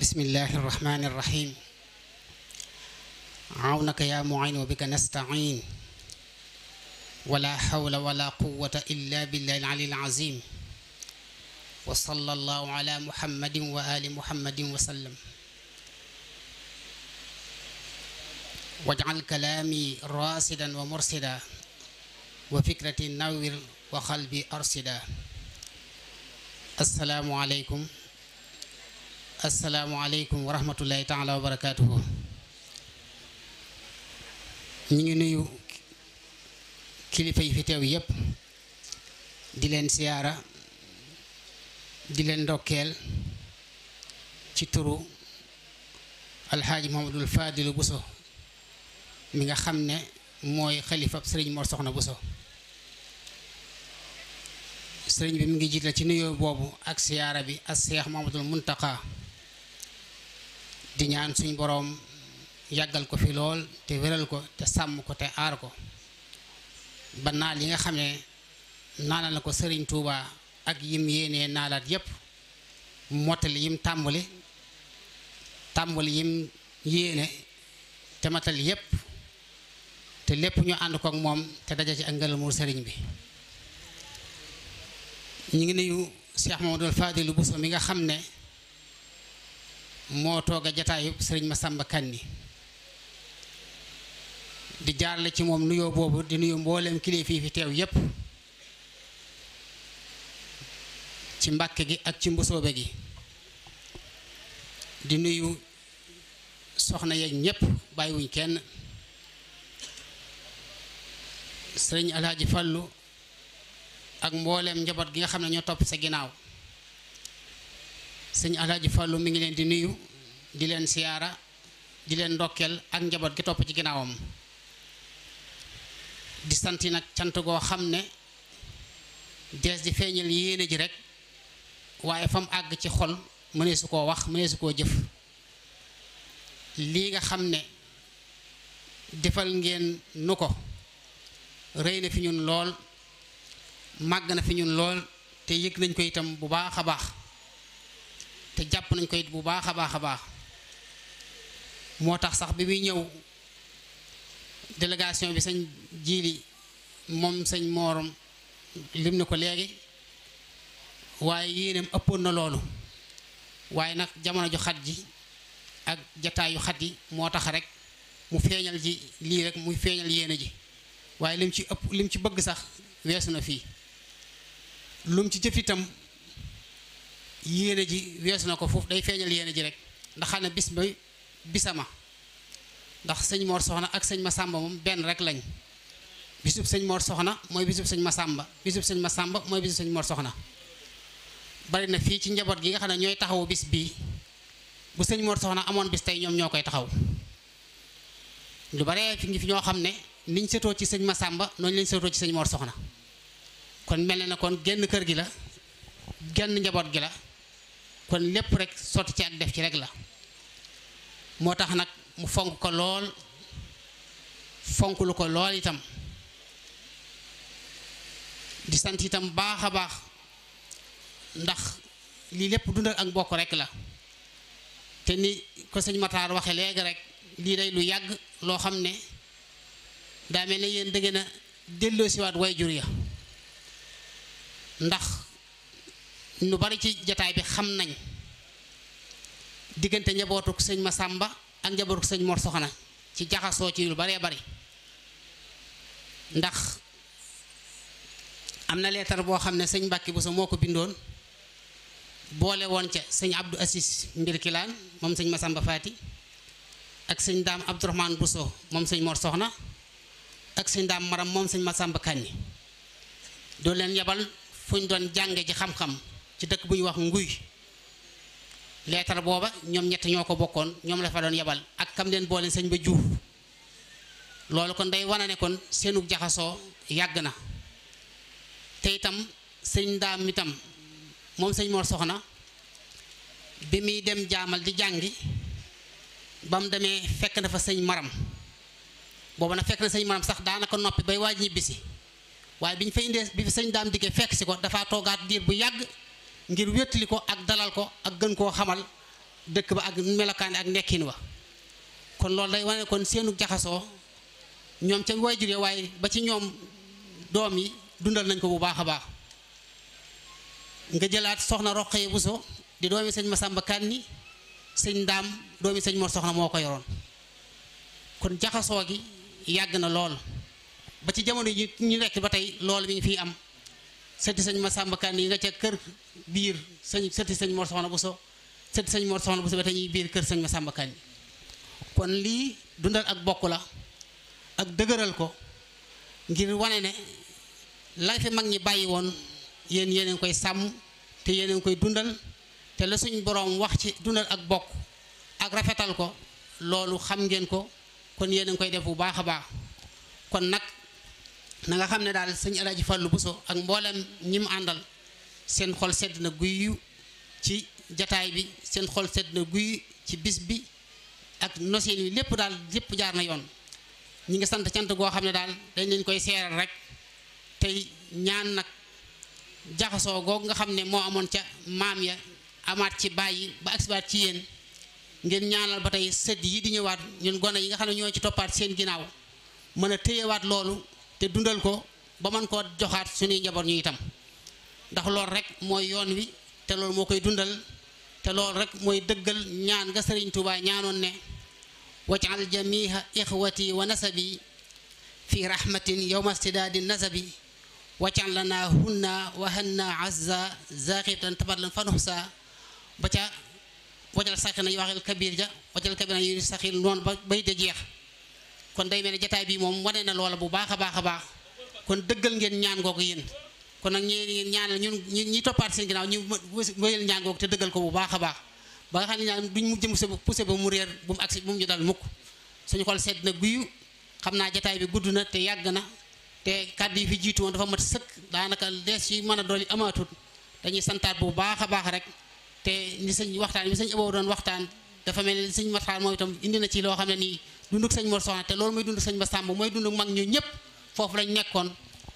bismillahi irrahmani irrahim awnaka yaa muin wa bika nastain wala hawla wala quwata illa billahi alali alazim wa sallallahu ala muhammadin wa ali muhammadin wa sallam wajcal kalaami raasidan wa mursida wa fikrati nawir wa qalbi arsida assalaamu aleykum asalaamualeykum wa rahmatullahi taala wa barakaatuhu ñu ngi nuyu kilifa yi fi teew yépp di leen siyaara di leen ndokkeel ci turu alxaaji Muhammadul Faadilu Buso mi nga xam ne mooy xalifa sëriñ Mor Soxna Buso sëriñ bi mu ngi jiital ci nuyoo boobu ak siyaara bi ak seex Muhammadul Muntaqa di ñaan suñ boroom yàggal ko fi lool te wéral ko te sàmm ko te aar ko ba naal yi nga xam ne naanal na ko sëriñ Touba ak yim yéenee naalaat yépp mottali yim tàmbali tàmbali yim yéene te matal yépp te lépp ñu ànd ko ak moom te daja ci ak ngërëmu sëriñ bi ñu ngi nuyu Cheikh Mamadou Fadilou Bousso mi nga xam ne moo toog a jataayu sëriñ ma Massamba Kanni di jaarle ci moom nuyoo boobu di nuyu mbooleem kilifa yi fi teew yépp ci mbakk gi ak ci mbusoobe gi di nuyu soxna yeeg ñépp bàyyiwuñ kenn sëriñ Alaaji Fallu ak mbooleem njaboot gi nga xam ne ñoo topp sa ginnaaw sëñ Alaaji Fàllu mi ngi leen di nuyu di leen siyaara di leen ndokkeel ak njaboot gi topp ci ginnaawam di sant nag cant goo xam ne dees di feeñal yéene ji rek waaye fa mu àgg ci xol mënee su koo wax mënee su koo jëf lii nga xam ne defal ngeen nu ko rëy na fi ñun lool màgg na fi ñun lool te yëg nañ ko itam bu baax a baax te jàpp nañ ko it bu baax a baax a baax moo tax sax bi muy ñëw délégation bi sañ jiili moom sañ moorom lim na ko léegi waaye yéeneem ëppoon na loolu waaye nag jamono ju xat ji ak jataayu xat yi moo tax rek mu feeñal ji lii rek muy feeñal yéene ji waaye lim ci ëpp lim ci bëgg sax weesu na fii lum ci jëf yéene ji weesu na ko foofu day feeñal yéene ji rek ndax xam ne bis ba bisama ndax sëñ Mor Soxna ak sëñ ma sàmba moom benn rek lañ bisub sëñ Mor Soxna mooy bisub sëñ Masamba bisub sëñ Masamba mooy bisub sëñ Mor Soxna bari na fii ci njaboot gi nga xam ne ñooy taxawu bis bii bu sëñ Mor Soxna amoon bis tey ñoom ñoo koy taxaw lu baree fi ngi fi ñoo xam ne niñ setoo ci sëñ ma sàmba noonu lañ setoo ci sëñ Mor Soxna kon mel na kon genn kër gi la genn njaboot gi la kon lépp rek sotti ci ak def ci rek la moo tax nag mu fonk ko lool fonk lu ko lool itam di sant itam baax a baax ndax lii lépp dundal ak mbokk rekk la te ni ko sëñ Matar waxe léegi rek lii day lu yàgg loo xam ne daa mel ne yéen da na a siwaat way jur ya ndax lu bari ci jataay bi xam nañ diggante njabootuk sëñ ma sàmba ak njabootuk sëñ Mor Soxna ci jaxasoo ci lu baree bari ndax am na leetar boo xam ne sëñ Mbàkke Buso moo ko bindoon boole woon ca sëñ Abdou Assis mbir kilaan moom sëñ Masamba Faati ak sëñ daam Abdourahmane Buso moom sëñ Mor Soxna ak sëñ daam Maram moom sëñ ma Masamba Kanni doo leen yabal fu ñu doon jànge ci xam-xam ci dëkk bu ñuy wax nguy leetar booba ñoom ñett ñoo ko bokkoon ñoom la fa doon yebal ak kam leen boole sëñ ba juuf loolu kon day wane ne kon seenu jaxasoo yàgg na te itam sëñ ndaam itam moom sëñ Mor Soxna bi muy dem jaamal di jàngi ba mu demee fekk na fa sëñ maram booba na fekk na sëñ maram sax daanaka noppi bay waaj ñibbisi waaye bi ñu fa indee bi sëñ daam diggee fekk si ko dafa toogaat diir bu yàgg ngir wétali ko ak dalal ko ak gën koo xamal dëkk ba ak melokaane ak nekkin wa kon loolu day wane kon seenu jaxasoo ñoom ca way jure waaye ba ci ñoom doom yi dundal nañ ko bu baax a baax nga jëlaat soxna Roqaye so di doomi sëñ ma Masamba ni sëñ Ndaam doomi sëñ ma soxna moo ko yoroon kon jaxasoo gi yàgg na lool ba ci jamono yi ñu nekk ba tey loolu mi ngi am sëti sëñ Masamba Kan yi nga ca kër biir sëñ sëti sëñ Mor Soxna Bousso sëti sëñ Mor Soxna Bousso ba tey ñuy biir kër sëñ Masamba Kan yi kon lii dundal ak bokk la ak dëgëral ko ngir wane ne la fi mag ñi bàyyi woon yéen yéen koy sàmm te yéen koy dundal te la suñ borom wax ci dundal ak bokk ak rafetal ko loolu xam ngeen ko kon yéen koy def bu baax a baax kon nag na nga xam ne daal sëñ Alaaji Fàllu Buso ak mboolem ñi mu àndal seen xol sedd na guyy ci jataay bi seen xol sedd na guy ci bis bi ak noseen yi lépp daal lépp jaar na yoon ñi ngi sant sant goo xam ne daal dañ leen koy seeral rek tey ñaan nag jaxasoo googu nga xam ne moo amoon ca maam ya amaat ci bàyyi ba agsibaat ci yéen ngeen ñaanal ba tey sedd yi di ñëwaat ñun gone yi nga xam ne ñoo ci toppaat seen ginnaaw mën a téyewaat loolu te dundal ko ba mën koo joxaat suñuy njaboot ñu itam ndax loolu rek mooy yoon wi te loolu moo koy dundal te loolu rek mooy dëggal ñaan nga sëriñ Tuubaa ñaanoon ne wajal jamiha ixwati wa nasabi fi rahmatin yowma stidaadi nasabi wajal lana hunna wa hanna azza zaqitan tabarlan fanuxsa ba ca wajal sàkk na yu waxel kabir ja wajal kabir na yu saxil noonu ba bay de jeex kon day mel ne jataay bi moom wane na loola bu baax a baax a baax kon dëggal ngeen ñaan googu yën kon nag ñeen ngeen ñaanal ñun ñi toppaat seen ginnaaw ñu wéyal ñaan googu te dëggal ko bu baax a baax ba nga xam ne ñaan duñ mu jëm sa poussé ba mu réer bu mu agsi bu mu ñu dal mukk suñu xol sedd na guyu xam naa jataay bi gudd na te yàgg na te kàddu yi fi jiitu dafa mat sëkk daanaka dees yi mën a dool yi amaatut dañuy santaat bu baax a baax rek te ni sëñ waxtaan bi sëñ aboo doon waxtaan dafa mel ni sëñ mataan moom itam indi na ci loo xam ne nii dundu sëñ Mor Soxna te loolu muy dunduk sëñ ba sàmm mooy dunduk mag ñu ñëpp foofu lañ nekkoon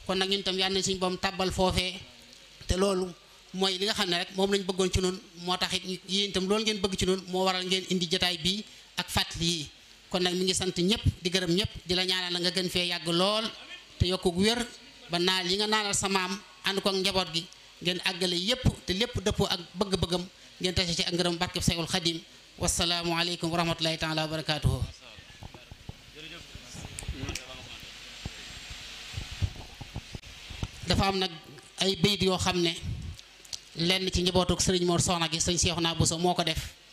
kon nag ñun tam yàlla nañ suñ boom tàbbal foofee te loolu mooy li nga xam ne rek moom lañ bëggoon ci noonu moo tax it yéen loolu ngeen bëgg ci noonu moo waral ngeen indi jotaay bii ak fàttali yi kon nag mi ngi sant ñëpp di gërëm ñëpp di la ñaanal nga gën fee yàgg lool te yokkuk wér ba naal yi nga naanal sa maam ànd ko ak njaboot gi ngeen àggale yépp te lépp dëppoo ak bëgg-bëggam ngeen tase ci ak ngërëm barkeb Seexul Xadim wasalaamualeykum wa rahmatullahi taala wa barakatuhu dafa am nag ay bayit yoo xam ne lenn ci njabootuk sëriñ Mor Soxna gi sëñ Seexuna Buso moo ko def